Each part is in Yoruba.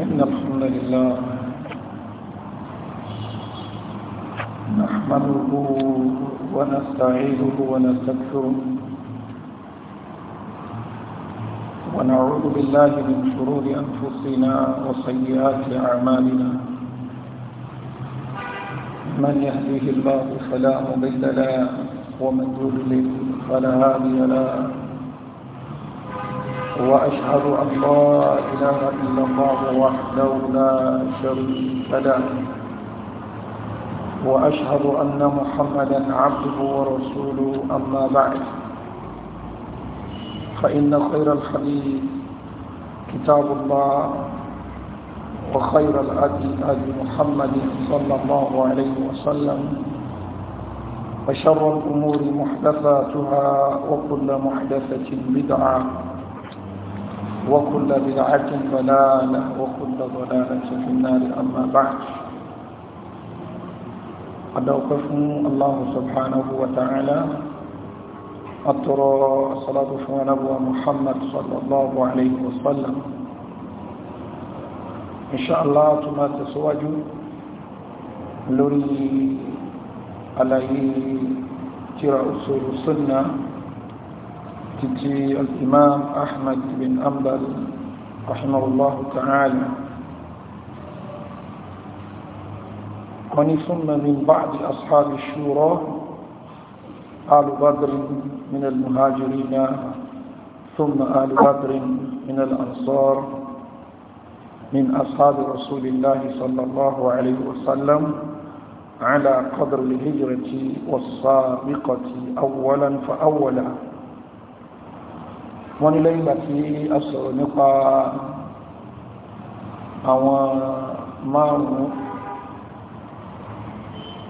إن الحمد لله نحمده ونستعيده ونستغفره ونعوذ بالله من شرور أنفسنا وسيئات أعمالنا من يهديه الله فلا مضل له ومن يضلل فلا هادي له وأشهد أن لا إله إلا الله وحده لا شريك له وأشهد أن محمدا عبده ورسوله أما بعد فإن خير الحديث كتاب الله وخير الأدي أدي محمد صلى الله عليه وسلم وشر الأمور محدثاتها وكل محدثة بدعة وكل بدعة ضلالة وكل ضلالة في النار أما بعد قد أوقفنا الله سبحانه وتعالى أطر صلاة نبوة محمد صلى الله عليه وسلم إن شاء الله ثم تسواجوا لري عليه إيه ترى أصول السنة تجي الإمام أحمد بن أنبل رحمه الله تعالى ومن ثم من بعد أصحاب الشورى آل بدر من المهاجرين ثم آل بدر من الأنصار من أصحاب رسول الله صلى الله عليه وسلم على قدر الهجرة والسابقة أولا فأولا wọ́n ní lẹ́yìn ìgbà tí a sọ̀rọ̀ nípa àwọn márùn-ún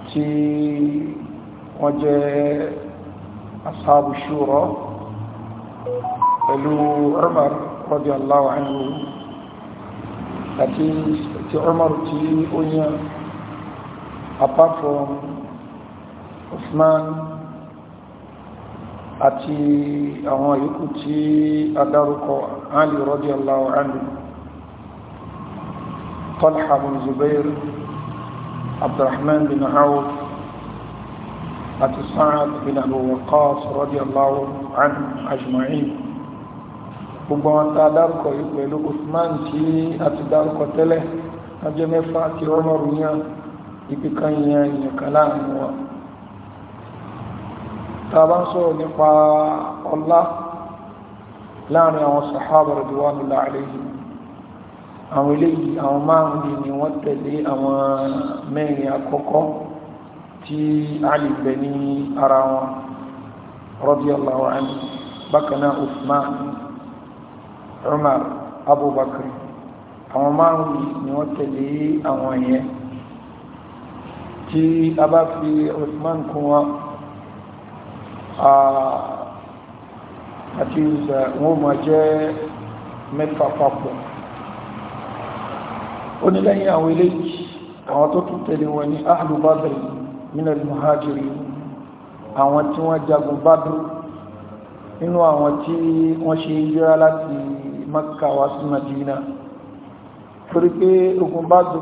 tí wọ́n jẹ́ asáàbù ṣúrọ pẹ̀lú Umar radiyallahu anhu àti tí Umar tí ó yàn apart from Osman àti àwọn yòókù tí a dárúkọ Ali radiyallahu anhu Talha bin Zubair Abdurrahman bin Awf àti Sa'ad bin Abu Waqqas radiyallahu anhu ajma'in gbogbo wọn tá a dárúkọ yìí pẹ̀lú Uthman tí a ti dárúkọ tẹ́lẹ̀ ajẹ́ mẹ́fà àti Umar yẹn ibi kan yẹn ìyẹ̀kan láàrin tàbá ń sọ̀rọ̀ nípa ọlá láàrin àwọn sàhábà radiyallahu alayhim àwọn eléyìí àwọn márùn-ún ni wọ́n tẹ̀lé àwọn mẹ́rin àkọ́kọ́ tí Ali bẹ ní ara wọn radiyallahu anhu bákan náà Uthman márùn-ún ni àti ah, uh, wọ́n ma jẹ́ mẹ́fà papọ̀ ó ní lẹ́yìn àwọn eléyìí àwọn tó tún tẹ̀lé wọn ní ahlu badr minal muhajirin àwọn tí wọ́n jagun badr nínú àwọn tí wọ́n ṣe yíra láti Makka wá sí Madina torí pé ogun badr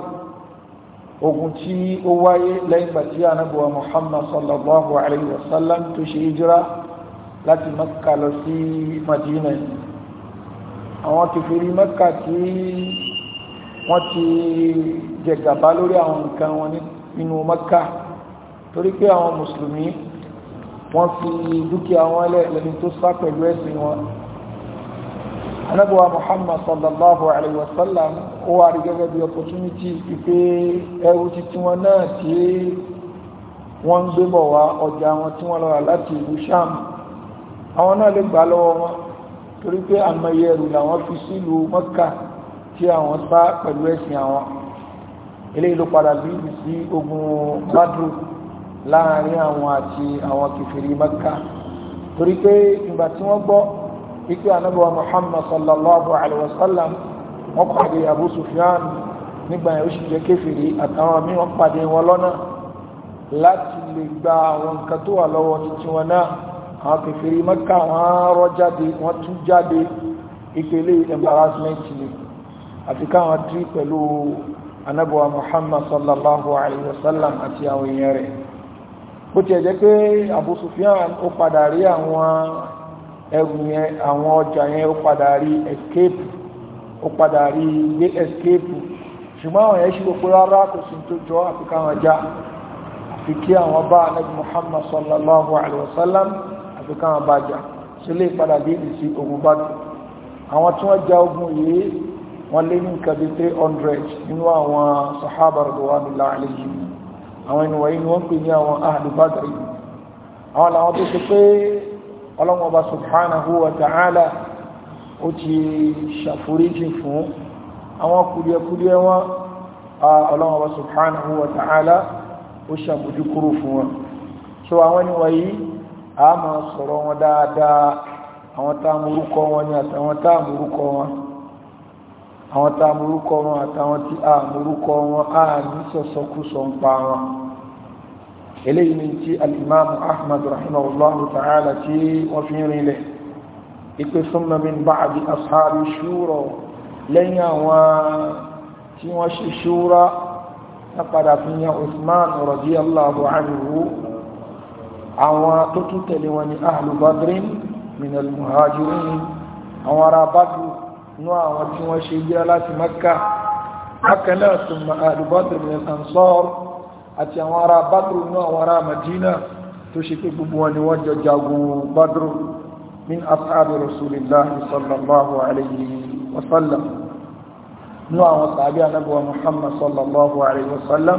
ogun tí ó wáyé lẹ́yìn gbà tí anábùwà muhammad sallallahu alayhi wa sallam tó ṣe hijira láti makka lọ sí madina àwọn kèfèrí makka tí wọ́n ti jẹgàba lórí àwọn nǹkan wọn nínú makka torí pé àwọn mùsùlùmí wọ́n fi dúkìá wọn lẹ́ni tó sá pẹ̀lú ẹ̀sìn wọn anabiwa muhammad sallallahu alayhi wa sallam ó wà rí gẹ́gẹ́ bí opportunity pípé ẹrú titun wọn náà tí wọ́n ń gbé bọ̀ wá ọjà wọn tí wọ́n lọ rà láti ìlú sham àwọn náà lè gbà lọ́wọ́ wọn torí pé àmọye ẹrù làwọn fi sílùú mọ́kà tí àwọn sá pẹ̀lú ẹ̀sìn àwọn eléyìí ló padà bí sí ogun badru láàrin àwọn àti àwọn kìfìrí mọ́kà torí pé ìgbà tí wọ́n gbọ́ ikú anabiwa muhammad sallallahu alaihi wasallam wọ́n pàdé abu sufyan nígbà yẹn ó sì jẹ́ kéfìrí àtàwọn míì wọ́n pàdé wọn lọ́nà láti lè gba àwọn nǹkan tó wà lọ́wọ́ títí wọn náà àwọn kéfìrí mẹ́ka wọ́n rọ́ jáde wọ́n tú jáde ìpele embarrassment ni àti káwọn tí pẹ̀lú anabiwa muhammad sallallahu alaihi wasallam àti àwọn èèyàn rẹ̀ bó tiẹ̀ jẹ́ pé abu sufyan ó padà rí àwọn ẹrù yẹn àwọn ọjà yẹn ó padà rí escape ó padà rí gbé escape ṣùgbọ́n àwọn yẹn ṣe gbogbo rárá kò sí tó jọ àfi káwọn já àfi kí àwọn bá anabi muhammad sallallahu alaihi wasallam àfi káwọn bá já ṣe lè padà dé ìsí ogun bá tó àwọn tí wọ́n já ogun yìí wọ́n lé ní nǹkan bí 300 nínú àwọn sahaba radwanullahi alaihim àwọn ènìyàn wọ̀nyí ni wọ́n pè ní àwọn ahlu badri àwọn làwọn tó ṣe pé ọlọ́mọba subhanahu wa ta'ala ó ti ṣàforíjì fún àwọn kùdíẹ̀kùdíẹ̀ wọn ọlọ́mọba subhanahu wa ta'ala ó ṣàbójú kúrò fún wọn so àwọn ni wọ̀nyí a máa sọ̀rọ̀ wọn dáadáa àwọn táàmùrúkọ wọn ni àtàwọn táàmùrúkọ wọn àwọn táàmùrúkọ wọn àtàwọn tí àmùrúkọ wọn a ní sọ̀sọ̀kú sọ ń pa wọn eléyìí ni tí alimami ahmad rahimahullahu ta'ala tí wọ́n fi rìn lẹ̀ ìpè súnmọ́ min ba'di ashabi shura lẹ́yìn àwọn tí wọ́n ṣe shura wọ́n padà fi yan usman radiyallahu anhu àwọn tó tún tẹ̀lé wọn ni ahlu badrin min almuhajirin àwọn ará badru nú àwọn tí wọ́n ṣe jẹ́ láti makka bákan náà summa al-ansar àti àwọn ará badru náà àwọn ará madina tó ṣe pé gbogbo wọn ni wọ́n jọ jagun badru min ashabi rasulillah sallallahu alayhi wa sallam nínú àwọn sàbí anábọ̀wà muhammad sallallahu alayhi wa sallam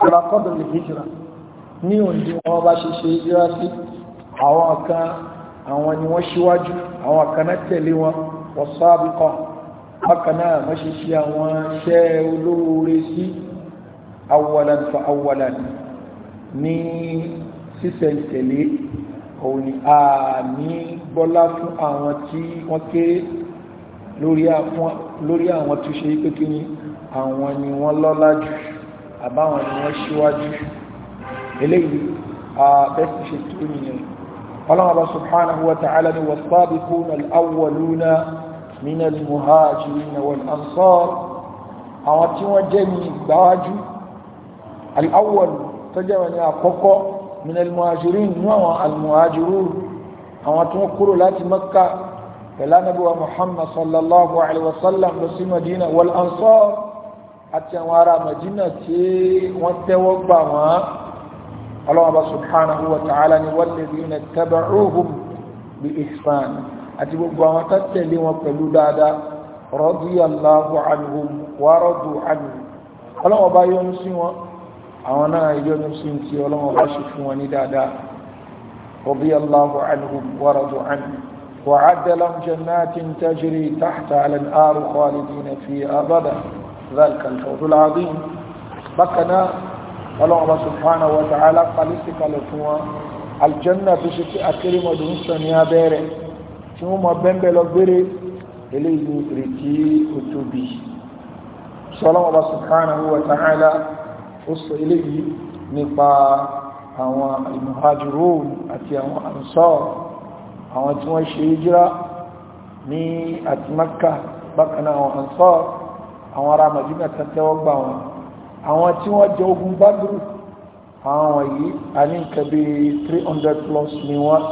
sọlá wọ́n ṣíwájú àwọn ṣe àwọn iṣẹ́ olóore sí awalan fa awalan ní sísẹ̀ntẹ̀lé òun ni a ní gbọ́lá fún àwọn tí wọ́n kéré lórí àwọn tó ṣe pé kíní àwọn ni wọ́n lọ́lá jù àbáwọn ni wọ́n ṣíwájú eléyìí bẹ́sì ṣe tó nìyẹn ọlọ́mọba subhanahu wa ta'ala ni was-sabiquna wọ́n jẹ́ ní al-awwal tó jẹ́ wọn ni àkọ́kọ́ min al-muhajirin nínú àwọn al-muhajirun àwọn tó ń kúrò láti Makka pẹ̀lú Ànábì wa Muhammad sallallahu alaihi wa sallam lọ sí Madina wal ansar àti àwọn ará Madina tí wọ́n tẹ́wọ́ gbà wọ́n Allah subhanahu wa ta'ala ni walladhina taba'uhum bi ihsan àti gbogbo àwọn tó wọn pẹ̀lú dáadáa radiyallahu anhum wa radu anhu ọlọ́wọ́ bá yọ́nú sí wọn àwọn náà yọ́nú sí ti ọlọ́wọ́ bá ṣe fún wọn ní dáadáa radiyallahu anhum wa radu anhu wa adala jannatin tajri tahta al-anhar khalidina fiha abada dhalika al-fawzul azim bakana ọlọ́wọ́ subhanahu wa ta'ala qalisi kalẹ̀ fún wọn aljanna tó ṣe kí akérèmọdù ń sọ ní abẹ́rẹ́ tí wọ́n mọ bẹ́ńbẹ́ lọ gbére eléyìí rètí òtóbi sọlọ́wọ́ subhanahu wa ta'ala ó sọ eléyìí nípa àwọn al-muhajirun àti àwọn ansar àwọn tí wọ́n ṣe hijira ní àti Makka bákan àwọn ansar àwọn ará Madina tẹ́tẹ́wọ́ gbà wọn àwọn tí wọ́n jẹ ogun Badru àwọn wọ̀nyí a ní nǹkan bí 300 plus ni wọ́n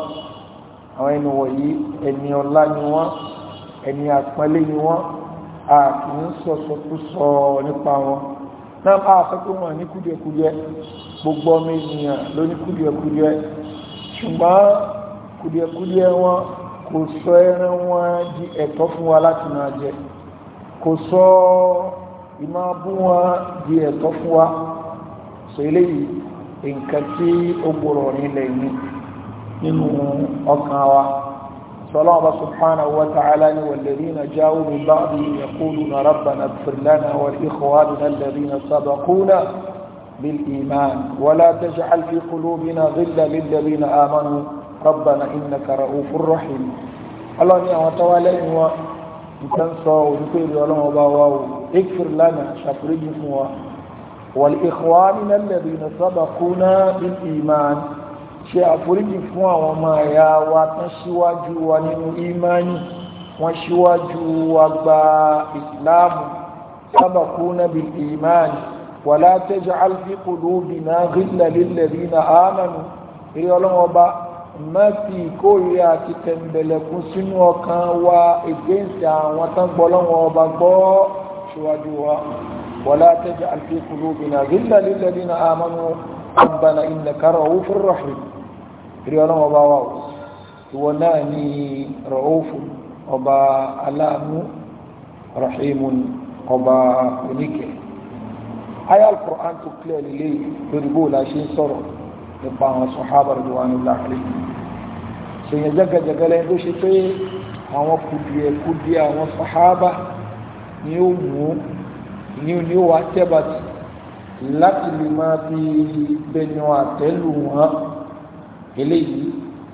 àwọn ẹni wọ̀nyí ẹni ọlá ni wọ́n ẹni àpọ́nlé ni wọ́n a kì í sọ̀sọ̀kú sọ nípa wọn náà bá sọ pé wọ́n ní kùdìẹ̀kùdìẹ̀ gbogbo ọmọ ènìyàn ló ní kùdìẹ̀kùdìẹ̀ ṣùgbọ́n kùdìẹ̀kùdìẹ̀ wọn kò sọ ẹran wọn di ẹ̀tọ́ fún wa láti máa jẹ kò sọ ìmọ̀ wọn di ẹ̀tọ́ fún wa sọ eléyìí nǹkan tí ó gbòòrò nílẹ̀ yìí nínú ọkàn wa. صلى سبحانه وتعالى والذين جاءوا من بعدهم يقولون ربنا اغفر لنا ولإخواننا الذين سبقونا بالإيمان ولا تجعل في قلوبنا غلا للذين آمنوا ربنا إنك رؤوف رحيم الله يا àwọn tọ́wá lẹ́yìn wa الله وباو اغفر لنا ọlọ́run ọba الذين سبقونا بالايمان ṣe àforíjì fún àwọn ọmọ ẹ̀yà wa tán síwájú wa nínú ìmánì wọ́n síwájú wa gba ìsìláàmù sabaquna bil ìmánì wala taj'al fi qulubina ghillan lil ladina amanu eré ọlọ́wọ́ bá má fi ìkórìíra àti tẹ̀m̀bẹ̀lẹ̀kún sínú ọkàn wa against àwọn tán gbọ́ lọ́wọ́ ọba gbọ́ síwájú wa wala taj'al fi qulubina ghillan lil ladina amanu rabbana innaka ra'ufur rí ọlọ́wọ́ bá wà ìwọ náà ní rọ̀ọ́fù ọba aláàánú rahimun ọba oníkẹ ayé al-Qur'an tó kílẹ̀ lílé lórí bó la ṣe ń sọ̀rọ̀ nípa àwọn sọ̀hábà rẹ̀ wà ní láàrin ṣèyàn jẹ́gẹ̀jẹ̀gẹ̀lẹ́ ló ṣe pé àwọn kùdìẹ̀kùdìẹ̀ àwọn sọ̀hábà ni ó mú ní ní ó wá tẹ́bàtì láti lè máa fi bẹnu àtẹ́lù wọn eléyìí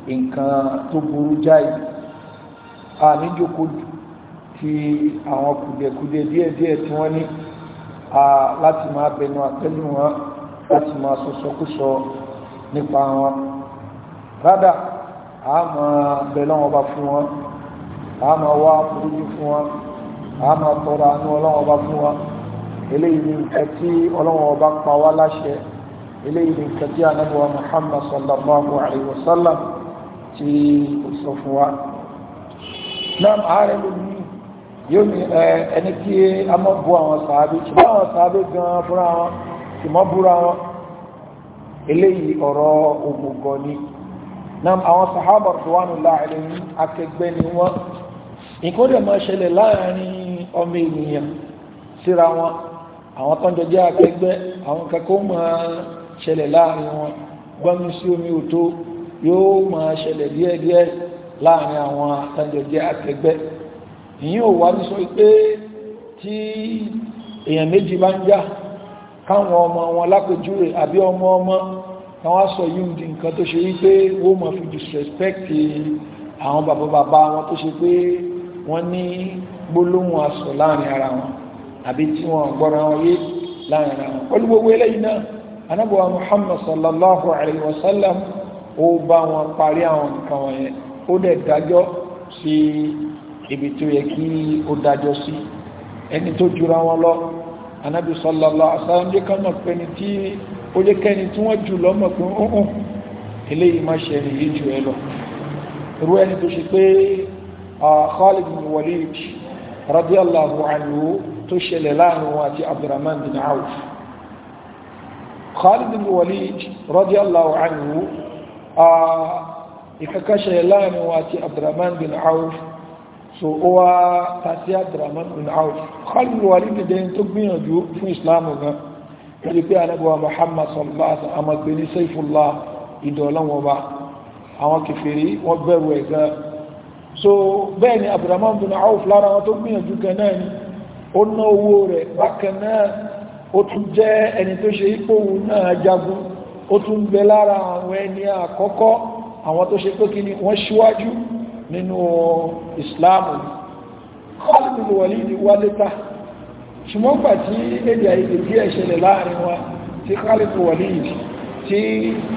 nǹkan tó burú jáì a níjókòó ti àwọn kùdẹ̀kùdẹ̀ díẹ̀díẹ̀ tí wọ́n ní láti máa bẹnu àtẹ́lù wọn láti máa sọsọkúsọ nípa wọn rádà a máa bẹ̀lọ́ wọn bá fún wọn a máa wá burúkú fún wọn a máa tọrọ àánú ọlọ́wọ́n bá fún wọn eléyìí ni nǹkan tí ọlọ́wọ́n bá pa wá láṣẹ eléyìí lè kàtí ànábọ̀wá Muhammad sallallahu alayhi wa sallam tí ó sọ fún wa náà ààrẹ lómi yóò ní ẹni kí a mọ́ bú àwọn sàábé ṣùgbọ́n àwọn sàábé gan fúnra wọn kì mọ́ búra wọn eléyìí ọ̀rọ̀ òmùgọ̀ ni náà àwọn sàhábà ridwanullahi alayhim akẹgbẹ́ ni wọ́n nǹkan lè ṣẹlẹ̀ láàrin ọmọ ènìyàn síra wọn àwọn tó ń jẹ́ akẹgbẹ́ àwọn kẹ́kọ̀ọ́ máa ṣẹlẹ̀ láàrin wọn gbọ́nú sí omi ò tó yóò máa ṣẹlẹ̀ díẹ̀díẹ̀ láàrin àwọn àtàjọjẹ́ akẹgbẹ́ ìyín ò wá ní sọ pé tí èèyàn méjì bá ń já káwọn ọmọ wọn lápèjúwe àbí ọmọ ọmọ káwọn sọ yìí di nǹkan tó ṣe wípé wọ́n máa fi disrespect àwọn bàbá bàbá wọn tó ṣe pé wọ́n ní gbólóhùn asọ̀ láàrin ara wọn àbí tí wọ́n gbọ́ra wọn yé láàrin ara wọn pẹ̀lú gbogbo eléyìí náà anábọ̀wá muhammad sallallahu alayhi wa sallam ó bá wọn parí àwọn nǹkan wọ̀nyẹn ó dẹ̀ dájọ́ sí ibi tó yẹ kí ó dájọ́ sí ẹni tó jura wọn lọ anábì sallallahu alayhi wa sallam jẹ́ kánà pé ní tí ó jẹ́ kẹ́ni tí wọ́n jù lọ́mọ̀ pé ó hàn eléyìí má ṣe ẹni jù ẹ lọ irú ẹni tó ṣe pé Khalid bin Walid radiyallahu anhu tó ṣẹlẹ̀ láàrin wọn àti Abdurrahman bin Auf Khalid bin Walid radiyallahu anhu ìkàkàṣẹ̀ láàrin wa ti Abdurrahman bin Auf so ó wá tàbí Abdurrahman bin Auf Khalid bin Walid ní dẹni tó gbìyànjú fún Islamu gan lórí pé anábíwa Muhammad sallallahu alaihi wasallam pè ní Saifullah ìdọ̀lọ́wọ́ bá àwọn kèfèrí wọ́n bẹ̀rù ẹ̀ gan so bẹ́ẹ̀ ni Abdurrahman bin Auf lára wọn tó gbìyànjú gan náà ni ó ná owó rẹ̀ bákan náà ó tún jẹ́ ẹni tó ṣe ipòhun náà jagun ó tún bẹ lára àwọn ẹni àkọ́kọ́ àwọn tó ṣe pé ni wọ́n ṣíwájú nínú ìsìláàmù Khalid bin Walid wá létà ṣùgbọ́n gbà tí èdè àìdè díẹ̀ ṣẹlẹ̀ láàrin wa tí Khalid bin Walid tí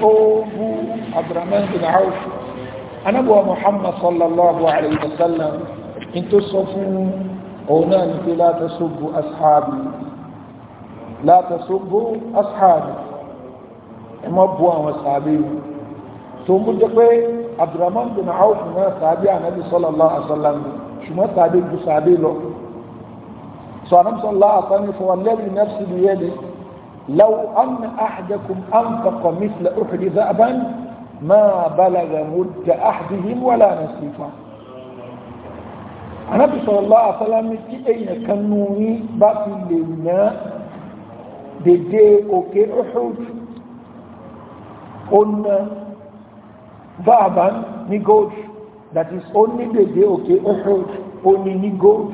ó bú Abdurrahman ashabi la tasubbu ashabi ẹ má bu àwọn sàábé mi tó ń bú jẹ́ pé abdulrahman bin Awf náà sàábé ànábi sallallahu alaihi wasallam ṣùgbọ́n sàábé ju sàábé lọ sọ ànábi sallallahu alaihi wasallam fún wa lẹ́bi nafsi bi yẹ́ni law anna ahadakum anfaqa mithla uhudi dhaban ma balaga mudda ahadihim wala nasifa ànábi sallallahu alaihi wasallam tí èèyàn kan nù ní fi lè náà dèdè òkè Uhud ó ná báàbá ní gold that is ó ní dèdè òkè Uhud ó ní ní gold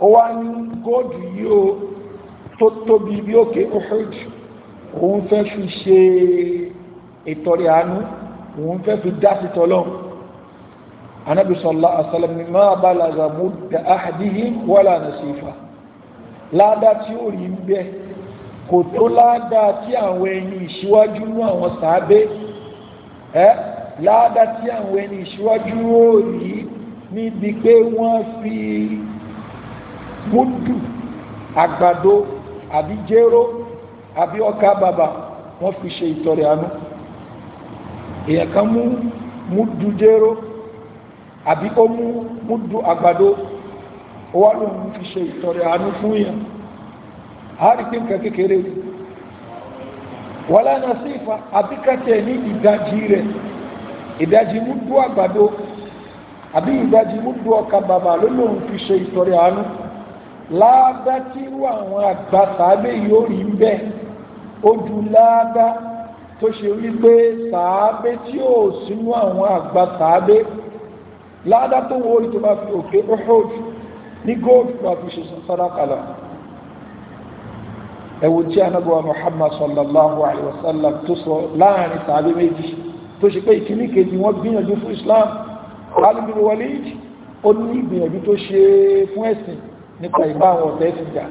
ó wá ní gold yóò tó tóbi bí òkè Uhud òun fẹ́ fi ṣe ìtọrẹ àánú òun fẹ́ fi dá sí tọ́lọ́n anábi sallallahu alaihi wasallam ni máa bá lázàmú da áhàdíhì wọ́lá nasifa ládá tí ó rí ń bẹ́ẹ̀ kò tó ládàá tí àwọn ẹni ìṣíwájú ní àwọn sàábé ẹ́ ládàá tí àwọn ẹni ìṣíwájú òòrì níbi pé wọ́n fi múdù àgbàdo àbí jéró àbí ọkà bàbà wọ́n fi ṣe ìtọrẹ àánú èèyàn kan mú múdù jéró àbí ó mú múdù àgbàdo ó wá fi ṣe ìtọrẹ àánú fún yàn àárí pé nǹkan kékeré wọ́n lánà sí ìfà àbíkàtẹ̀ ní ìdajì rẹ̀ ìdajì múdú àgbàdo àbí ìdajì múdú ọkà bàbà ló lóun fi ṣe ìtọrẹ àánú láàdá tí àwọn àgbà sàábé yóò rí ń bẹ́ ó ju tó ṣe wípé sàábé tí ó sínú àwọn àgbà sàábé láàdá tó wọ́n orí tó bá fi òkè ó ní góòlù tó bá fi ṣe sọ́dá kalọ̀ ẹ̀wù tí anábọ̀wá Muhammad sallallahu alayhi wa sallam tó sọ láàrin tàbí méjì tó ṣe pé ìkíní kejì wọ́n gbìyànjú fún Islam alìbìrì Walid ó ní ìgbìyànjú tó ṣe fún ẹ̀sìn nípa ìbá àwọn ọ̀tẹ́ ẹ̀sìn jà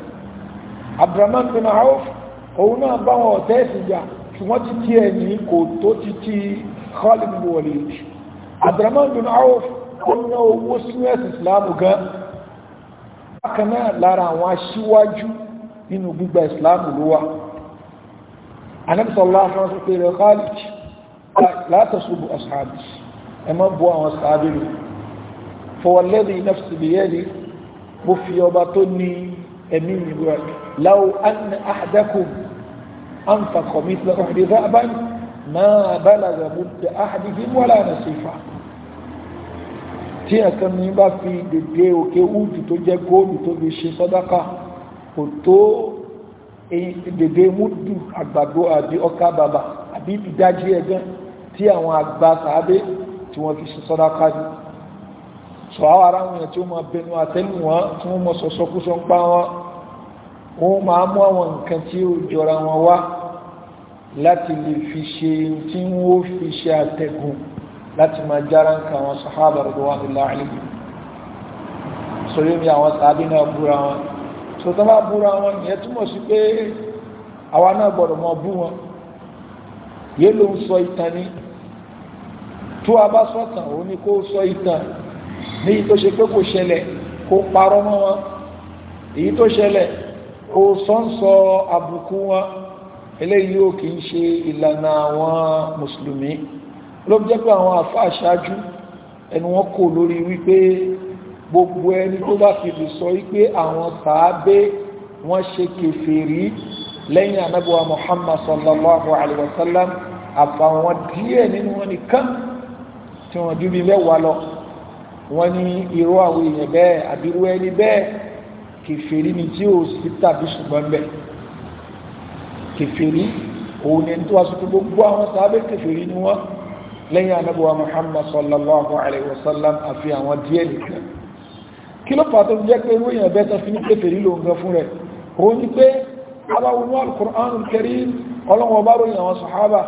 Abdurrahman bin Auf òun náà bá àwọn ọ̀tẹ́ ẹ̀sìn jà ṣùgbọ́n títí ẹ̀ ní kò tó títí Khalid bin Walid Abdurrahman bin Auf ó ná owó sínú ẹ̀sìn Islam gan bákan náà lára àwọn aṣíwájú nínú gbígba ìsìláàmù ló wà anẹ́bùsọ̀lá àwọn sọ pé rẹ̀ Khalid látọ̀sùbù ọ̀sàbì ẹ má bu àwọn sàábì rẹ̀ fọwọ́lẹ́dì nafsi bìyẹ́dì bó fi ọba tó ní ẹ̀mí ìbúra láwọ anna ahadakum anfakọ̀ mítla ọ̀hìnrìn dábàá máa balaga mudda ahadihim wala nasifa tí ẹ̀kan ní bá fi dèdè òkè úùtù tó jẹ́ góòlù tó fi ṣe sọ́dáka kò tó dèdè múdù àgbàdo àbí ọkà bàbà àbí ìdájí ẹgbẹ́ tí àwọn àgbà sàábé tí wọ́n fi sọ́dá kájú sọ àwọn ará wọn tí ó máa bẹnu àtẹ́lù wọn tí wọ́n mọ̀ sọ̀sọ́ kú sọ ń pa wọn wọ́n máa mú àwọn nǹkan tí ó jọra wọn wá láti lè fi ṣe tí wọ́n fi ṣe àtẹ̀gùn láti máa jára nǹkan àwọn sàhábà rẹ̀ wọ́n fi láàrín sọ yóò mi àwọn sàábé náà búra wọn so tó bá búra wọn ìyẹn túmọ̀ sí pé àwa náà gbọ́dọ̀ mọ bú wọn yé ló ń sọ ìtàn ni tó a bá sọ̀tàn òun ni kó sọ ìtàn ní èyí tó ṣe pé kò ṣẹlẹ̀ kó parọ́ mọ́ wọn èyí tó ṣẹlẹ̀ kó sọ́nsọ àbùkù wọn eléyìí ò kì í ṣe ìlànà àwọn mùsùlùmí ló jẹ́ pé àwọn àfa àṣáájú ẹnu wọn kò lórí wípé gbogbo ẹni tó bá fi lè sọ wípé àwọn sàábé wọ́n ṣe kèfèrí lẹ́yìn anábọ̀wá muhammad sallallahu alayhi wa sallam àfàwọn díẹ̀ nínú wọn nìkan tí wọ́n ju bí mẹ́wàá lọ wọ́n ní irú àwọn èèyàn bẹ́ẹ̀ àbírú ẹni bẹ́ẹ̀ kèfèrí ni tí ò sí tàbí ṣùgbọ́n bẹ́ẹ̀ kèfèrí òun ni tó wá sọ pé gbogbo àwọn sàábé kèfèrí ni wọ́n lẹ́yìn anábọ̀wá muhammad sallallahu alayhi wa sallam àfi àwọn díẹ̀ nìkan kí ló fàtó jẹ́ pé irú èèyàn bẹ́ẹ̀ tó fi ní kèfèrí ló ń gan fún rẹ̀ ó ní pé aláwọnú Al-Qur'anul Karim ọlọ́wọ́ bá ròyìn àwọn sàhábà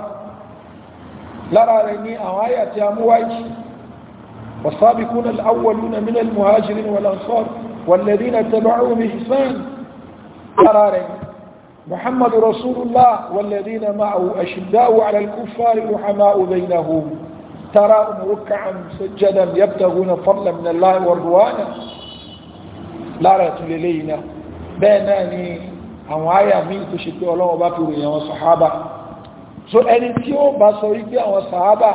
lára rẹ̀ ní àwọn àyà tí a mú wáyé والسابقون الأولون من المهاجرين والأنصار والذين تبعوا بإحسان قرارين محمد رسول الله والذين معه أشداء على الكفار رحماء بينهم تراهم ركعا سجدا يبتغون فضلا من الله ورضوانا lára ẹ̀túnlẹ̀ lẹ́yìn náà bẹ́ẹ̀ náà ni àwọn àyà míì tó ṣe pé ọlọ́wọ́ bá fi àwọn sàhábà so ẹni tí ó bá sọ wípé àwọn sàhábà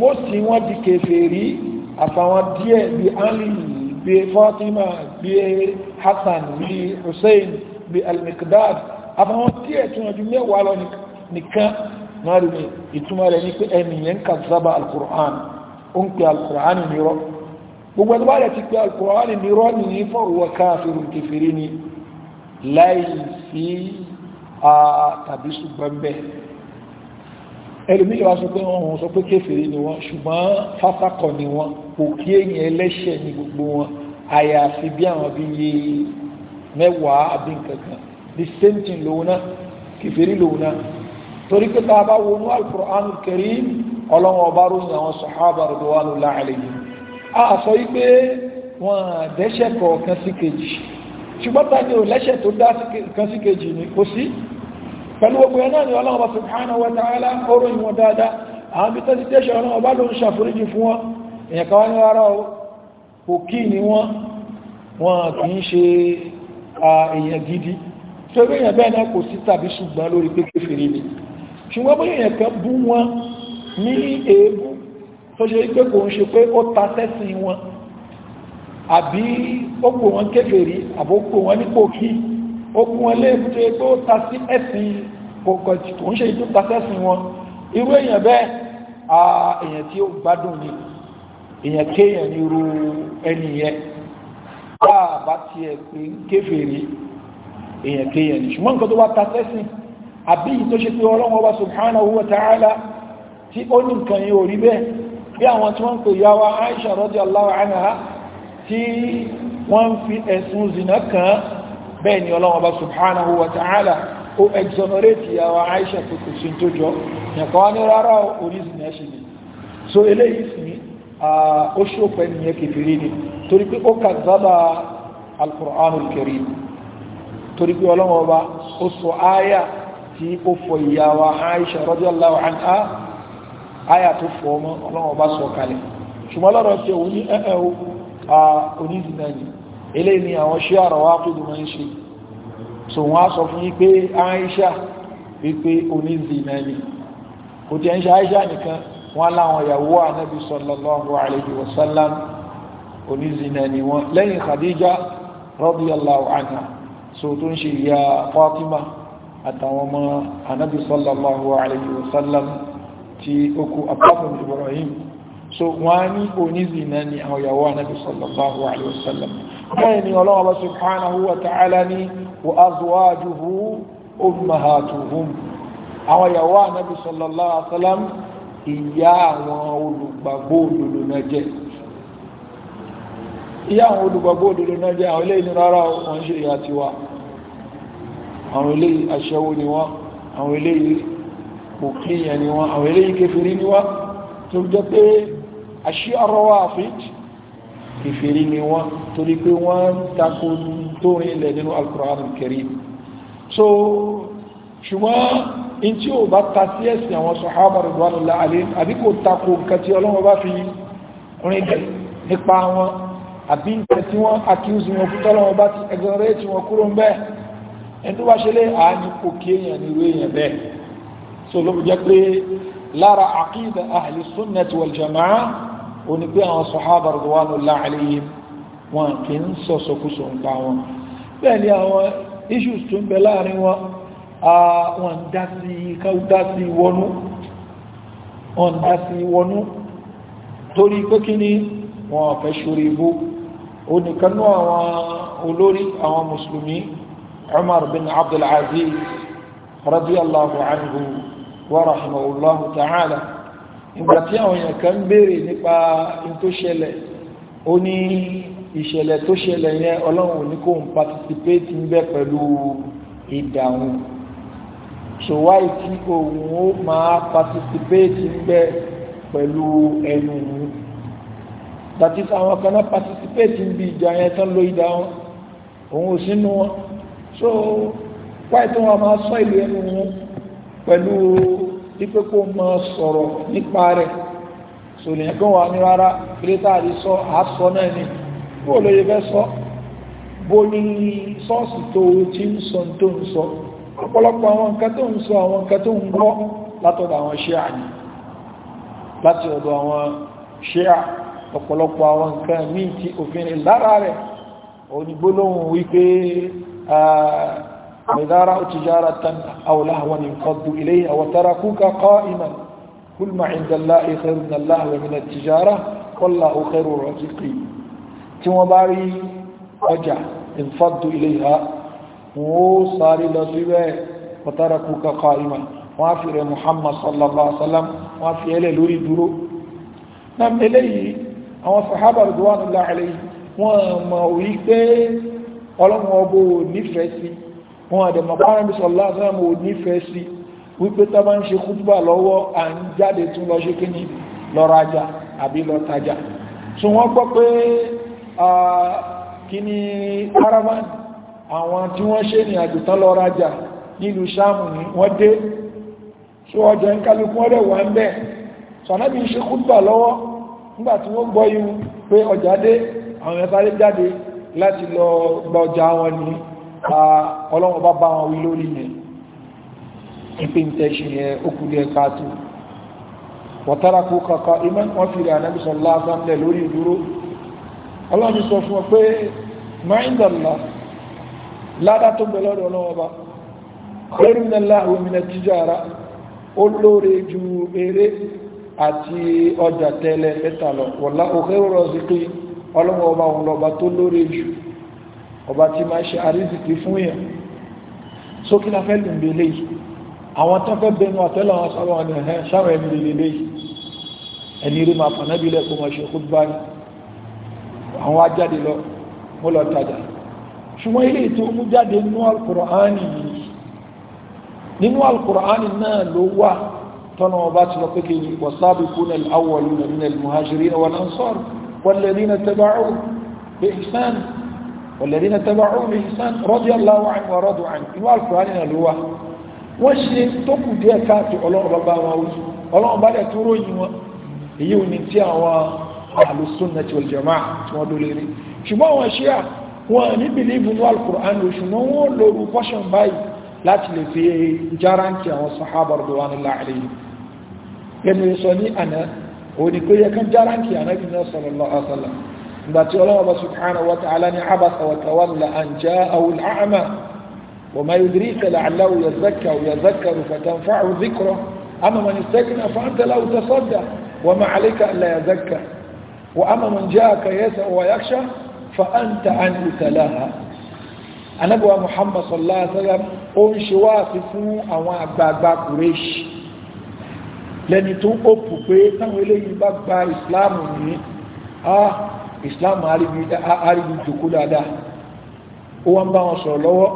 mọ́sí wọ́n di kèfèrí àfàwọn díẹ̀ bí Ali bí Fatima bí Hassan bí Hussein bí al-Mikdad àfàwọn díẹ̀ tí wọ́n ju mẹ́wàá lọ nìkan náà rí ìtumọ̀ rẹ̀ ní pé ẹnìyàn kàzábà al-Qur'an ó ń pè al-Qur'an gbogbo ẹni bá rẹ̀ ti pé alkùránì ní rọ́ọ̀nì yìí fọ̀rùwọ̀ káàfin kẹfìrí ni láì sí a tàbí ṣùgbọ́n bẹ́ẹ̀ ẹlòmí ìwà sọ pé wọ́n sọ pé kẹfìrí ni wọ́n ṣùgbọ́n fásákọ̀ ni wọ́n kò kí èyàn ẹlẹ́ṣẹ̀ ni gbogbo wọn àyàfi bí àwọn bí yé mẹ́wàá àbí nǹkan the same thing lòun náà kẹfìrí torí pé tá wọnú alkùránì karim ọlọ́wọ́n ọba ròyìn àwọn sàhábà rẹ̀ wà lọ́la a sọ wípé wọn àdẹ́ṣẹ̀ kọ̀ọ̀kan sí kejì ṣùgbọ́n ta ni ò lẹ́ṣẹ̀ tó dá kan sí kejì ni kò sí pẹ̀lú gbogbo ẹ̀ náà ni ọlọ́run subhanahu wa ta'ala ọrọ̀ ìwọ̀n dáadáa àwọn bí tẹ́sí tẹ́ṣẹ̀ ọlọ́run bá ló ń ṣàforíjì fún wọn èèyàn kan wá ní ara o kí ni wọ́n wọn kì í ṣe èèyàn gidi tó bí èèyàn bẹ́ẹ̀ náà kò sí tàbí ṣùgbọ́n lórí pé kéfèrè ni ṣùgbọ́n bóyá èèyàn kan bú wọn ní èébú tó ṣe pé kò ń ṣe pé ó ta sẹ́sìn wọn àbí ó pò wọn kékeré àbó pò wọn ní pòkí ó kún wọn léèbù tó yẹ pé ó ta sí ẹ̀sìn kò ń ṣe tó ta sẹ́sìn wọn irú èèyàn bẹ́ẹ̀ a èèyàn tí ó gbádùn ni èèyàn kéèyàn ní irú ẹni yẹn bá a bá tiẹ̀ pé kékeré èèyàn kéèyàn ní ṣùgbọ́n nǹkan tó wá ta sẹ́sìn àbí tó pé ọlọ́run ọba subhanahu wa ta'ala tí ó ní nǹkan yìí ò rí bẹ́ẹ̀ bí àwọn tí wọ́n ń pè yáwá Aisha radiyallahu anha tí wọ́n fi ẹ̀sùn zina kan bẹ́ẹ̀ ni ọlọ́wọ́ bá subhanahu wa ta'ala ó exonerate yáwá Aisha tó kò sí tó jọ nìkan ní rárá orísìnà ṣe ni so eléyìí sì Aisha radiyallahu anha Aya tó fọ ọmọ ọlọ́wọ́n bá sọ kalẹ̀ ṣùgbọ́n lọ́rọ̀ tí òun ní ẹ̀ẹ́ o onídìnnà ni eléyìí ni àwọn ṣé àrọ̀ wá tó dùnmọ́ ń ṣe so wọ́n á sọ fún yín pé Aisha wípé onídìnnà ni kò tí ẹ̀ ń ṣe Aisha nìkan wọ́n láwọn ìyàwó ànábì sallallahu alayhi wa sallam ni wọ́n lẹ́yìn Khadija radiyallahu anha so tó ń ṣe ìyá Fatima àtàwọn ọmọ ànábì sallallahu alayhi wa tí ó kú apáfún Ibrahim so wọ́n á ní onízìnà ni àwọn ìyàwó anábi sallallahu alaihi wasallam bẹ́ẹ̀ ni ọlọ́wọ́ subhanahu wa ta'ala ni wa azwajuhu ummahatuhum àwọn ìyàwó anábi sallallahu alaihi wasallam ìyá àwọn olùgbàgbọ́ òdodo náà jẹ́ ìyá àwọn olùgbàgbọ́ òdodo náà jẹ́ àwọn ilé rárá wọn ṣe ìyá tiwa àwọn ilé aṣẹ́wó ni wọ́n àwọn ilé òkè yẹn ni wọ́n àwọn eléyìí kèfèrí ni wọ́n tó jẹ́ pé àṣíọ́rọ́wà àfíìt kèfèrí ni wọ́n torí pé wọ́n tako tó ilẹ̀ nínú Al-Qur'an so ṣùgbọ́n in tí ó bá ta sí ẹ̀sìn àwọn sọ̀hábà rẹ̀dùwánulá alẹ́ àbí kò tako nǹkan tí Ọlọ́run bá fi rìn ilẹ̀ nípa wọn àbí nǹkan tí wọ́n accuse wọn fún tọ́lọ́wọ́n bá ti exonerate so ló fi jẹ́ pé lára àkídà ahli sunnati wal jama'a ó ní pé àwọn sọ̀hábà radwanullahi alayhim wọn kì ń sọ̀sọ̀kúsọ̀ ń pa wọn bẹ́ẹ̀ ni àwọn issues tó ń bẹ láàrin wọn wọn dá sí wọnú wọn dá sí wọnú torí pé ni wọn fẹ́ ṣorí ibú ó àwọn olórí àwọn mùsùlùmí Umar bin Abdul radiyallahu anhu wa rahimahullahu ta'ala ìgbà tí àwọn èèyàn kan béèrè nípa in tó ṣẹlẹ̀ ó ní ìṣẹ̀lẹ̀ tó ṣẹlẹ̀ yẹn ọlọ́run ò ní kó ń participate ń bẹ́ pẹ̀lú ìdáhùn so why tí òun ó máa participate ń bẹ́ pẹ̀lú ẹnu òun that is àwọn kan náà participate ń bí ìjà yẹn tán ló ìdáhùn òun ò sínú wọn so why tí wọ́n máa sọ ìlú ẹnu òun pẹ̀lú wípé kó mọ sọ̀rọ̀ nípa rẹ̀ sòlè yẹn kó wà ní rárá kírétàrí sọ àásọ náà ni bó ló yẹ fẹ́ sọ bó ní sọ́ọ̀sì tó ti ń sọ tó ń sọ ọ̀pọ̀lọpọ̀ àwọn nǹkan tó ń sọ àwọn nǹkan tó ń gbọ́ látọ̀dọ̀ àwọn ṣíà ni láti ọ̀dọ̀ àwọn ṣíà ọ̀pọ̀lọpọ̀ àwọn nǹkan míì tí òfin lára rẹ̀ òní gbólóhùn wípé ah, وإذا رأوا تجارة أو لهوا انفضوا إليها وتركوك قائما كل ما عند الله خير من الله ومن التجارة والله خير الرزقين ثم باري وجع انفضوا إليها وصاري لطيبة وتركوك قائما وافر محمد صلى الله عليه وسلم وافر إليه لوري درو نعم إليه أو صحابة رضوان الله عليه وما ويكتب ولم أبو نفسي wọn àdẹ̀mọ̀ pàrẹ́mì sọ̀lá sáàmù ò nífẹ̀ẹ́ sí wípé tó bá ń ṣe kútùbà lọ́wọ́ à ń jáde tún lọ ṣe kíní lọ́rajà àbí lọ́tajà tí wọ́n gbọ́ pé kíní caravan àwọn tí wọ́n ṣe ní àjòtán lọ́rajà nílùú sáàmù ni wọ́n dé tí wọ́n jẹ́ ń kálukú wọ́n wà ń bẹ̀ sọ̀nàbí ń ṣe kútùbà lọ́wọ́ ọlọ́run bá bá wọn wí lórí yẹn ìpíntẹ́ṣin yẹn ó kú díẹ̀ káàtó wọ̀tárakú kankan imẹ́ wọ́n fi rẹ̀ ànábì sọ lásán lẹ̀ lórí ìdúró ọlọ́run sọ fún ọ pé máìndàlá ládá tó àti ọjà tẹ́lẹ̀ mẹ́ta lọ wọ̀lá òkèrò rọ̀ sí pé ọlọ́run ọba òun lọ́ba tó lóore jù ọba tí máa ṣe àrísìkí fún èèyàn sókè la fẹ́ lùmí eléyìí àwọn tó fẹ́ bẹnu àtẹ́lẹ̀ àwọn sábà wọn ẹ̀hẹ́ sáwọn ẹni eléyìí ẹni rí máa fànà bí lẹ́kọ̀ọ́ máa ṣe kúrú báyìí àwọn ajáde lọ mo lọ tajà ṣùgbọ́n ilé ètò mú jáde nínú alukur'ani yìí nínú alukur'ani náà ló wà tọ́nà ọba ti lọ pé kí wasabiquna al-awwaluna min al-muhajirin wal ansar wal ladina taba'u bi ihsan والذين تبعوه بإحسان رضي الله عنه ورضوا عنه inú Al-Qur'an náà ló wà wọ́n ṣe tó kù díẹ̀ káàtó ọlọ́run bàbá wọn wí ọlọ́run bá dẹ̀ tó ròyìn wọn èyí ò ní tí àwọn Ahlus-Sunnah wal Jama'ah tí wọ́n ló lérí ṣùgbọ́n àwọn Shia wọn ní bìlíìfù ní Al-Qur'an ló ṣùgbọ́n wọ́n lo rúpọ́ṣọ̀n báyìí láti lè fi járáǹtì àwọn sahaba radwanullahi alayhim yẹnu sọ ní àná òní pé yẹ kán járáǹtì àná bí náà sallallahu alaihi wasallam ìgbà tí ọlọ́wọ́ subhanahu wa ta'ala ní abasa wa tawalla an ja'ahu al-a'ma wa ma yudrika la'allahu yazakka aw yazakkaru fatanfa'u dhikra amma man istakna fa anta lahu tasadda wa ma 'alayka alla yazakka wa amma man ja'aka yas'a wa yakhsha fa anta anhu talaha anabiwa muhammad sallallahu alaihi wasallam ó ń ṣe wá sí fún àwọn àgbààgbà kùrẹ́ṣì lẹ́ni tó ń òpù pé gba ìsìláàmù ní ah islam àríbi jòkó dáadáa ó wá ń bá wọn sọ̀rọ̀ lọ́wọ́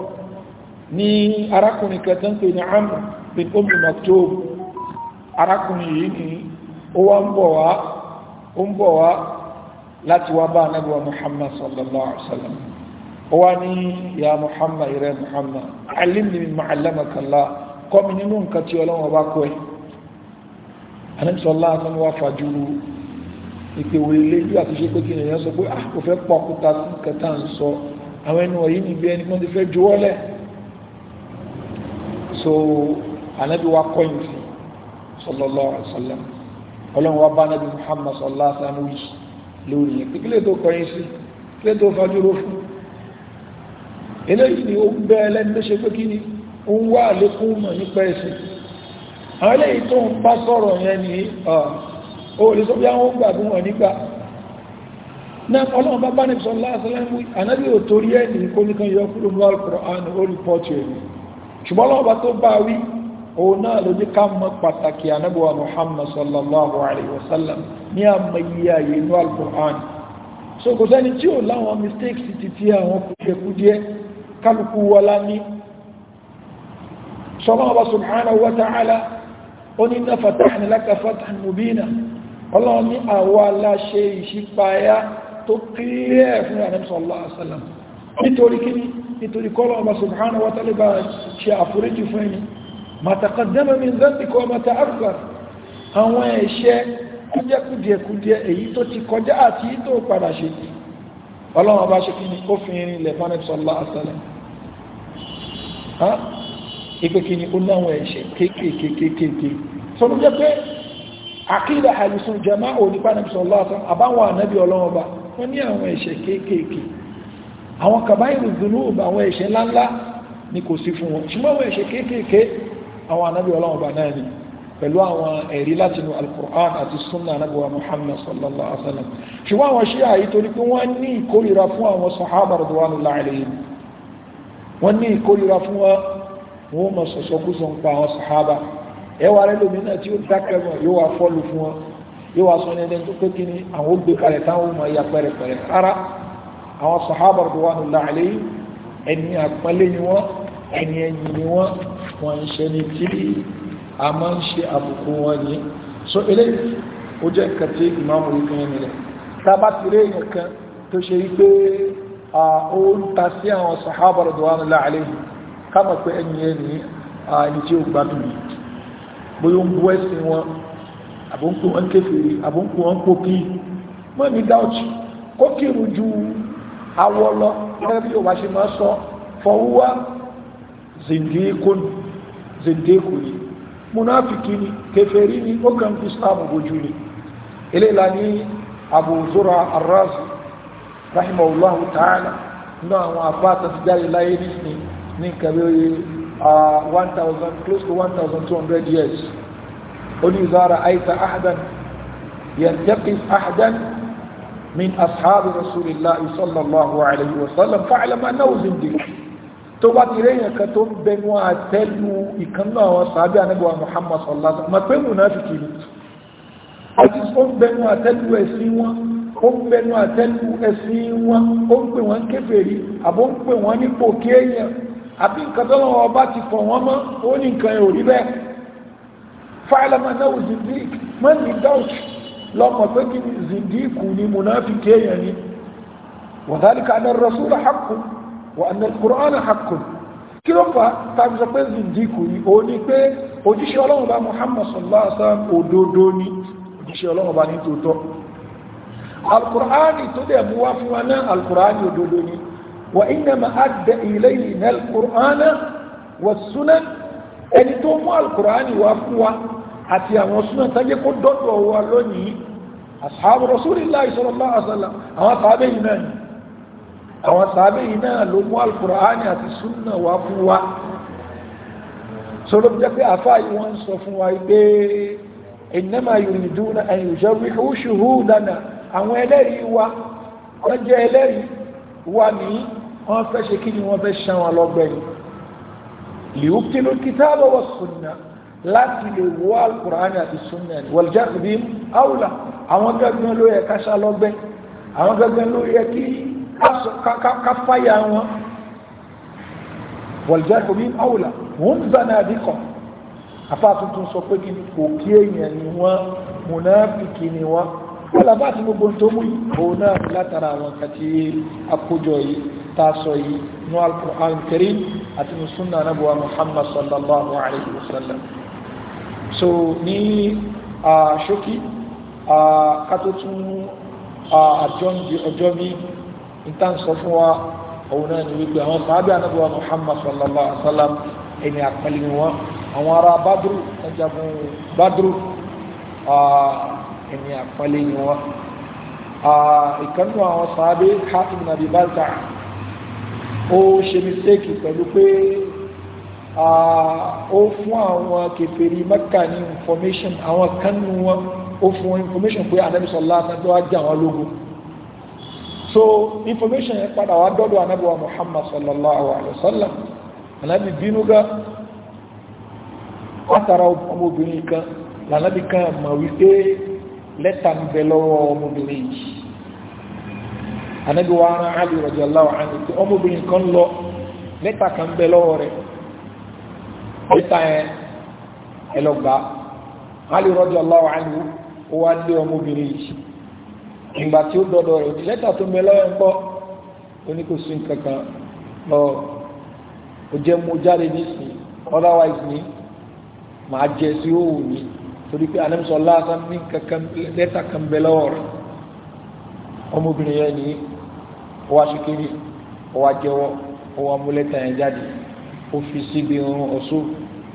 ní arákùnrin kẹta ń pè ní amr bin omi umm maktoum arákùnrin yìí ni ó wá ń bọ̀ wá ó ń bọ̀ wá láti wá bá anábíwa muhammad sallallahu alaihi wasallam ó wá ní ya muhammad rẹ muhammad ìpèwò ilé bí àti ṣe pé kí èèyàn sọ pé ah kò fẹ́ pọ̀ kúta sí kẹta ń sọ àwọn ẹnu wọ̀nyí níbi ẹni kan ti fẹ́ juwọ́lẹ̀ so anabi wa kọ́yìn sí sallallahu alaihi wasallam ọlọ́run wa bá anabi muhammad sallallahu alaihi wasallam lórí yẹn pé kílẹ̀ tó kọ́yìn sí kílẹ̀ tó fajúrò fún eléyìí ni ó ń bẹ́ ẹlẹ́ni tó ṣe pé kí ni ó ń wá àlékún mọ̀ nípa ẹ̀sìn àwọn eléyìí tó ń bá sọ̀rọ̀ yẹn ni ah, o lè sọ bí àwọn gbà bí wọn nígbà náà ọlọ́run bá bá ní sọ lásìlẹ́mú ànábì ò torí ẹ̀ ní kó nìkan yọ kúrò ní Al-Qur'an ó rìpọ́tù ẹ̀ ṣùgbọ́n ọlọ́run bá tó bá wí òun náà ló ká mọ pàtàkì ànábì Muhammad sallallahu alayhi wa sallam ní àmọ́ iye àyè inú Al-Qur'an so kò sẹ́ni tí ò láwọn mistakes ti ti àwọn kùdìẹ̀kùdìẹ̀ kálukú wọlá ní sọlọ́run bá subhanahu wa ta'ala ó náà fatahna laka fathan mubina ọlọ́run ní àwọ aláṣẹ ìṣípayá tó kílẹ̀ fún àdámsọ̀lá àṣàlá nítorí kíní nítorí kọ́lọ̀ ọmọ subhanahu wa ta'ala bá ṣe àforíjì fún ẹni matakadama min zantikọ mata afghan àwọn ẹ̀ṣẹ̀ kújẹ́kújẹ́kújẹ́ èyí tó ti kọjá àti tó padà ṣe ọlọ́run bá ṣe kíní ó fi rin ilẹ̀ fún àdámsọ̀lá àṣàlá ìpé kíní ó náwọn ẹ̀ṣẹ̀ kéèkéèkéèkéèkéè àkídà àlùsùn jama onípa nàbí sọ̀lọ́ àtàn àbáwọn ànábì ọlọ́wọ́ bá wọ́n ní àwọn ẹ̀ṣẹ̀ kéékèèké àwọn kàbáyìrì dùnú àwọn ẹ̀ṣẹ̀ ńláńlá ni kò sí fún wọn ṣùgbọ́n àwọn ẹ̀ṣẹ̀ kéékèèké àwọn ànábì ọlọ́wọ́ bá náà ni pẹ̀lú àwọn ẹ̀rí láti inú alukur'an àti sunna ànábì wa muhammad sallallahu alaihi wa sallam ṣùgbọ́n àwọn ṣíà yìí torí pé wọ́n ní ìkórira fún àwọn sahaba ẹwà rẹ lómi náà tí ó dákẹ́ mọ̀ yóò wá fọ́ọ̀lù fún wọn yóò wá sọ ní ẹni tó pé kí ni àwọn ó gbé kalẹ̀ táwọn ọmọ ya pẹ̀rẹ̀pẹ̀rẹ̀ rárá àwọn sàhábà radwanullahi alayhim ẹni àpọ́nlé ni wọ́n ẹni ẹ̀yìn ni wọ́n wọ́n ń ṣe ní tí a máa ń ṣe àbùkù wọn ni so eléyìí ó jẹ́ nǹkan tí ìmáàmù yìí kan nílẹ̀ tá a bá ti rí èèyàn kan tó ṣe yí pé ó ń ta sí àwọn sàhábà radwanullahi alayhim ká mọ̀ pé ẹni ẹni ẹni tí ó gbádùn yìí bóyá ń bú ẹ̀sìn wọn àbónkù wọn kéfèrè àbónkù wọn pòkì mọ́ ní dáùtì kó kírù ju awọ lọ gẹ́gẹ́ bí yorùbá ṣe máa sọ fọwúwá zindikun zindikun ni munafiki ni kèfèrí ni ó kàn fi islam bojú ni eléla ní abu zura arrazi rahimahullahu ta'ala náà àwọn afáàtà ti jáde láyé ní nǹkan bí ó yẹ uh, 1000 close to 1200 years قل إذا رأيت أحدا ينتقف أحدا من أصحاب رسول الله صلى الله عليه وسلم فاعلم أنه زنديق tó bá ti rẹ́yìn kan tó ń bẹnu àtẹ́lu ìkànnà àwọn sàábẹ́ àníbọ̀ Muhammad sallallahu alaihi wasallam pé mùnáfìkì ni àti ó ń bẹnu àtẹ́lu ẹ̀sìn wọn ó ń bẹnu àtẹ́lu ẹ̀sìn wọn ó ń pè wọ́n kéfèrí àbó ń pè wọ́n nípò àbí nǹkan tó lọ́wọ́ ọba ti fọ̀ wọ́n mọ́ ó ní nǹkan ẹ̀ ò rí bẹ́ẹ̀ fáìlàmà náà ò zindik mọ́ ní dáùtù lọ́mọ pé kí ni zindik ni munafiki èèyàn ni wàdálìkà anna rasul haqqun wà anna al-Qur'an haqqun kí ló fà tàbí sọ pé zindik ni ó ní pé òjíṣẹ́ ọlọ́run bá Muhammad sallallahu alaihi òdodo ni òjíṣẹ́ ọlọ́run bá ní tòótọ́ al tó dẹ̀ mú wá fún wa náà al òdodo ni وإنما أدى إلينا القرآن والسنن ẹni tó mú alukur'ani wá fún wa àti àwọn súnà tàjẹ́ kó dọ́dọ̀ wa lónìí asáàbù rasúlìláì sọ́lọ́lá àṣàlá àwọn sàábẹ̀ yìí náà ni àwọn sàábẹ̀ yìí náà ló mú alukur'ani àti súnà wá fún wa sọ́lọ́ jẹ́ pé àfá yìí wọ́n sọ fún wa pé ìnáma yorùdúnà ẹ̀yìn ìjọba ìhúṣù hù dáná àwọn ẹlẹ́rìí wa wọ́n jẹ́ ẹlẹ́rìí wà ní wọ́n fẹ́ ṣe kí ni wọ́n fẹ́ ṣan wọn lọ́gbẹ̀ẹ́ lìú kí ló kitaba wa sunna láti lè wọ́ alkùránì àti sunna ni wal jahri bihim awla àwọn gẹ́gẹ́ ló yẹ ká ṣá àwọn gẹ́gẹ́ ló yẹ kí ká fáyà wọn wal jahri bihim awla hum zanadiqa afá tuntun sọ pé kí kò kí èèyàn ni wọ́n mùnáfìkì ni wọ́n alábá àti gbogbo tó mú òun náà látara àwọn kàtí àkójọ yìí tààsọ yìí ní al-Qur'an Karim àti musulman anábọ̀wá Muhammad sallallahu alaihi wa sallam so ní ṣókí kátó tún ọjọ́ mi ìtàn sọ fún wa òun náà ni wípé àwọn sàábì anábọ̀wá Muhammad sallallahu alayhi wa sallam ẹni àpẹẹlẹ wọn àwọn ará Badru ẹjagun Badru ẹni àpọ́nlé ni wọ́n ìkànnì àwọn sàábé Hatim nàbí bàtà ó ṣe mistake pẹ̀lú pé ó fún àwọn kèfèrí Mẹ́kà ní information àwọn kanú wọn ó fún information pé Ànábì sallallahu alaihi wasallam tó so information yẹn padà wá dọ́dọ̀ Ànábì Muhammad sallallahu alaihi wasallam Ànábì bínú gan wọ́n tara ọmọbìnrin kan lànàbì kan mọ̀ wípé lẹ́tà ń bẹ lọ́wọ́ ọmọbìnrin yìí anabi wa ara ali radiyallahu anhu pé ọmọbìnrin kan lọ lẹ́tà kan bẹ lọ́wọ́ rẹ̀ lẹ́tà yẹn ẹ lọ gbà ali radiyallahu anhu ó wá lé ọmọbìnrin yìí ìgbà tí ó dọ̀dọ̀ rẹ̀ lẹ́tà tó bẹ lọ́wọ́ ń bọ̀ ó ní kò sí nǹkan kan lọ́wọ́ otherwise ni màá jẹ sí torí pé anabi sọ lásán ní kankan lẹ́tà kan bẹ lọ́wọ́ rẹ̀ ọmọbìnrin yẹn ni ó wá ṣìkiri ó wá jẹ́wọ́ ó wá mú lẹ́tà yẹn jáde ó fi síbi irun ọ̀ṣọ́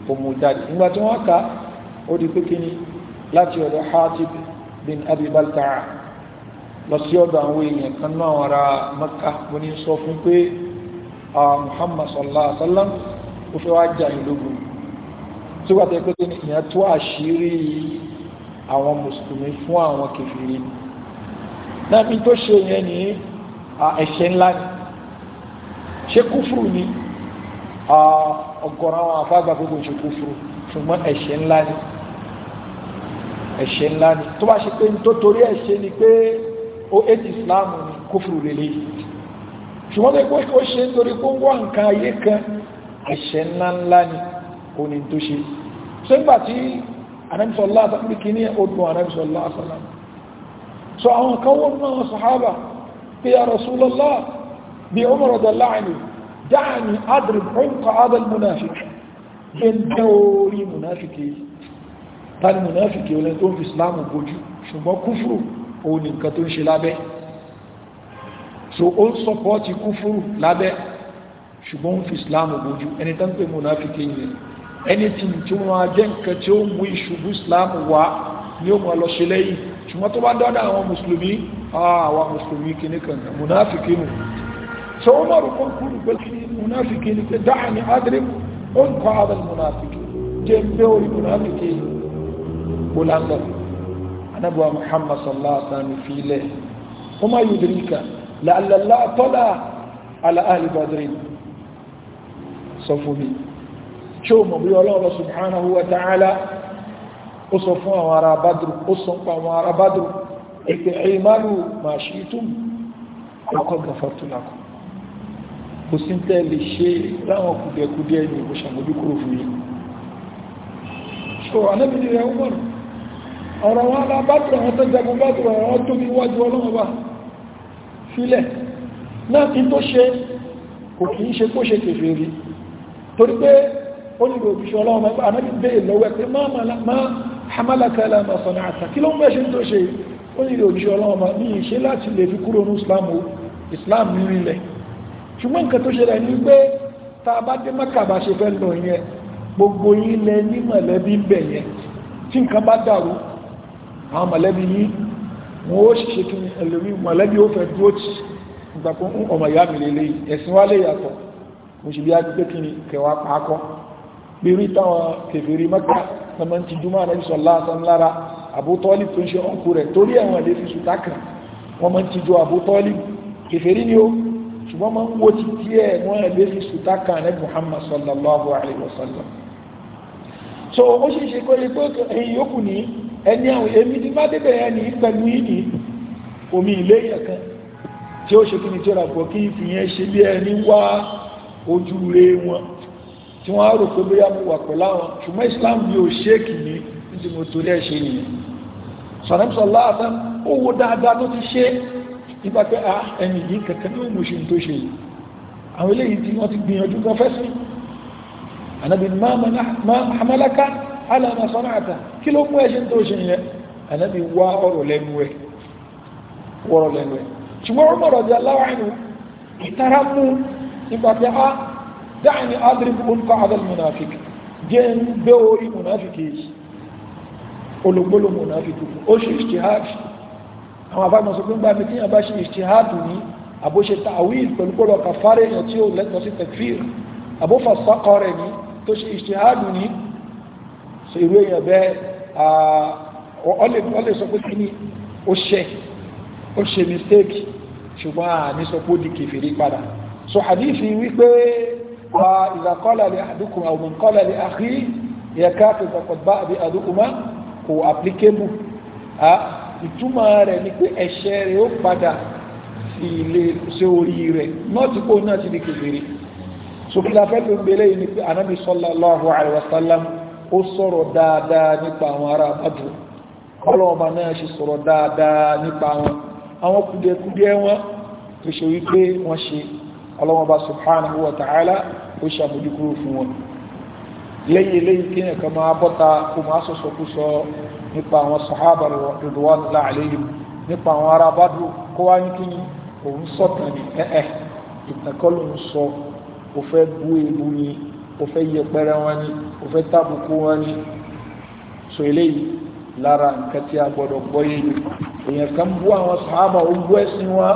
ó jáde nígbà tí wọ́n kà ó di pé kíni láti ọ̀dọ̀ Hatib bin Abi lọ sí ọ̀dọ̀ àwọn èèyàn kan náà wọn ra Mẹ́kà wọn sọ fún pé ah, Muhammad sallallahu alaihi ó fẹ́ wá jà ìlú gbogbo tí wọ́n ti pé kí ìyẹn tó àṣírí àwọn mùsùlùmí fún àwọn kèfèrí náà tó ṣe yẹn ní ẹ̀ṣẹ̀ ńlá ni ṣé kúfùrù ni ọ̀gọ̀rọ̀ àwọn afágbà gbogbo ṣe kúfùrù ṣùgbọ́n ẹ̀ṣẹ̀ ńlá ni ẹ̀ṣẹ̀ ńlá ni tó bá ṣe pé tó torí ẹ̀ṣẹ̀ ni pé ó ètì Islam ni kúfùrù lélẹ̀ ṣùgbọ́n tó kó ṣe nítorí kó ń wá nǹkan ayé kan ẹ̀ṣẹ̀ ńlá ńlá ni ó tó ṣe sẹ́gbà tí anẹ́bìsọ̀lá àtàbí kí ní ọdún anẹ́bìsọ̀lá àsàlá so àwọn kan wọ́n náà sàhábà pé ya Rasulullah bí Umar radiyallahu anhu dáàni adrib ọkọ̀ adal munafik ṣe ń dẹ́ orí munafike tani munafike olè tó ń fi ṣe so ó ń sọpọ́ ti kúfùrù lábẹ́ ṣùgbọ́n ń fi islamu ẹni tán pé anything tí wọ́n jẹ́ nǹkan tí ó mú ìṣubú islam wá ní ó mọ̀ lọ ṣe lẹ́yìn ṣùgbọ́n tó bá dọ́dọ̀ àwọn mùsùlùmí ah, àwọn mùsùlùmí kìíní kan munafiki nù tí wọ́n mọ̀rù kan kúrò pé kí munafiki ni pé dáhà ní adrim ó ń kọ́ àwọn munafiki jẹ́ pé orí munafiki bó lásọ̀ anábọ̀ muhammad sallallahu alaihi wa sallam fi ilẹ̀ ó má yóò dirí ka la'alla tọ́lá ala ahli sọ fún mi tí ó mọ̀ bí ọlọ́rọ̀ subhanahu wa ta'ala ó sọ fún àwọn ará bádùrù ó sọ pa àwọn ará bádùrù ẹ̀pẹ̀ ìmánú ma ṣe tún ọkọ̀ gafatulakọ̀ kò sí tẹ́ lè ṣe láwọn kùdẹ̀kùdẹ̀ ní ìwòsànlójú kúrò fún yìí so anábìnrin rẹ̀ ń mọ̀rọ̀ torí pé ó ní òfìṣẹ́ ọlọ́run ẹgbẹ́ anábì bẹ́ẹ̀ lọ́wọ́ pé má hamalaka la ma sọ̀nà àtà kí ló ń bẹ́ẹ̀ ṣe tó ṣe ó ní òfìṣẹ́ ọlọ́run ní ìṣe láti lè fi kúrò ní islam islam nílẹ̀ ṣùgbọ́n nǹkan tó ṣẹlẹ̀ ní pé tá a bá dé maka bá ṣe fẹ́ lọ yẹn gbogbo yín lẹ ní mọ̀lẹ́bí ń bẹ̀ yẹn tí nǹkan bá dàrú àwọn mọ̀lẹ́bí yín wọ́n ó ṣiṣẹ́ kí ẹlòmí mọ̀lẹ́bí ó fẹ́ dúró tì nígbà ọmọ ìyá mi lè lè ẹ̀sìn wálé yàtọ̀ mo ṣe bí a gbé kí ni kẹwàá pàákọ́ bírí táwọn kèfèrí mẹ́ta tọmọ ti jùmọ́ àrẹ́bí sọ̀lá àtàlára àbútọ́lì tó ń ṣe ọkù rẹ̀ torí ẹ̀wọ̀n ilé fi sùtákàn wọ́n mọ́ ti jọ àbútọ́lì kèfèrí ni ó ṣùgbọ́n mọ́ ń wo ti díẹ̀ Muhammad sallallahu alaihi wasallam so ó ṣe ṣe kó ipò ẹ̀yìn yókù ní ẹni àwọn èmi ti bá débẹ̀ ẹ̀ ní pẹ̀lú ìní omi ilé ìyẹ̀kan tí ó ṣe kí ni tí ó rà pọ̀ tí wọ́n á rò pé bóyá mo wà pẹ̀lú àwọn ṣùgbọ́n islam bí o ṣéèkì ní tí mo torí ẹ̀ ṣe yìí sọ̀rọ̀mùsọ̀ láàtà ó wo dáadáa tó ti ṣe nípa pé a ah, ẹni yìí kankan ní òun ṣe tó ṣe yìí àwọn eléyìí tí wọ́n ti gbìyànjú kan fẹ́ sí ànábì máa hamalaka alàmà sọ́nàtà kí ló mú ẹṣin tó ṣe yẹn ànábì wá ọ̀rọ̀ lẹ́nu ẹ̀ wọ́rọ̀ lẹ́nu ẹ̀ ṣùgbọ́n ọmọ rọ̀jà láwárí ìtara mú nípa pé a ah, dáìní adrib olùkọ́ adal munafik jẹ́ ń gbé orí munafik yìí olùgbólò munafik ó ṣe ìṣtihad àwọn afẹ́mọ̀ sọ pé gbá mi tíyàn bá ṣe ìṣtihad ní àbóṣe ta'wil pẹ̀lú pọ̀lọ̀ kàfàrẹ̀ èèyàn tí ó lẹ́tọ̀ sí takfir àbófà sọ́kọ̀ rẹ̀ ní tó ṣe ìṣtihad ní sọ ìwé èèyàn bẹ́ẹ̀ ọ lè sọ pé kí ni ó ṣe ó ṣe mistake ṣùgbọ́n à ní sọ pé ó di kèfèrí padà so hadithi wípé فإذا قال لأحدكم أو من قال لأخيه يا كافر فقد باء بأحدكما هو applicable ìtumọ̀ rẹ̀ ni pé ẹ̀ṣẹ̀ rẹ̀ ó padà sí ilé sí orí rẹ̀ náà tí kò náà ti di kékeré sókílá fẹ́ tó gbélé yìí ni pé anábì sallallahu alaihi wasallam ó sọ̀rọ̀ dáadáa nípa àwọn ará àbájú ọlọ́ọ̀mà náà ṣe sọ̀rọ̀ dáadáa nípa wọn àwọn kùdẹ̀kùdẹ̀ wọn tó ṣe wípé wọ́n ṣe ọlọ́wọ́ba subhanahu wa ta'ala ó ṣàmójúkúrò fún wọn lẹ́yìn eléyìí kí ẹ̀ka máa bọ́ta kó máa sọ̀sọ̀ kú sọ nípa àwọn sahaba ridwanullahi alayhim nípa àwọn ará Badru kó wá ní kí ni òun sọ̀tàn ní ẹ̀ẹ́ ìtàkọ́lù ń sọ ó fẹ́ bú èbú ni ó fẹ́ yẹpẹrẹ wọn ni ó fẹ́ tàbùkù wọn ni so eléyìí lára nǹkan tí a gbọ́dọ̀ gbọ́ yé ni èèyàn kan bú àwọn sahaba ó bú ẹ̀sìn wọn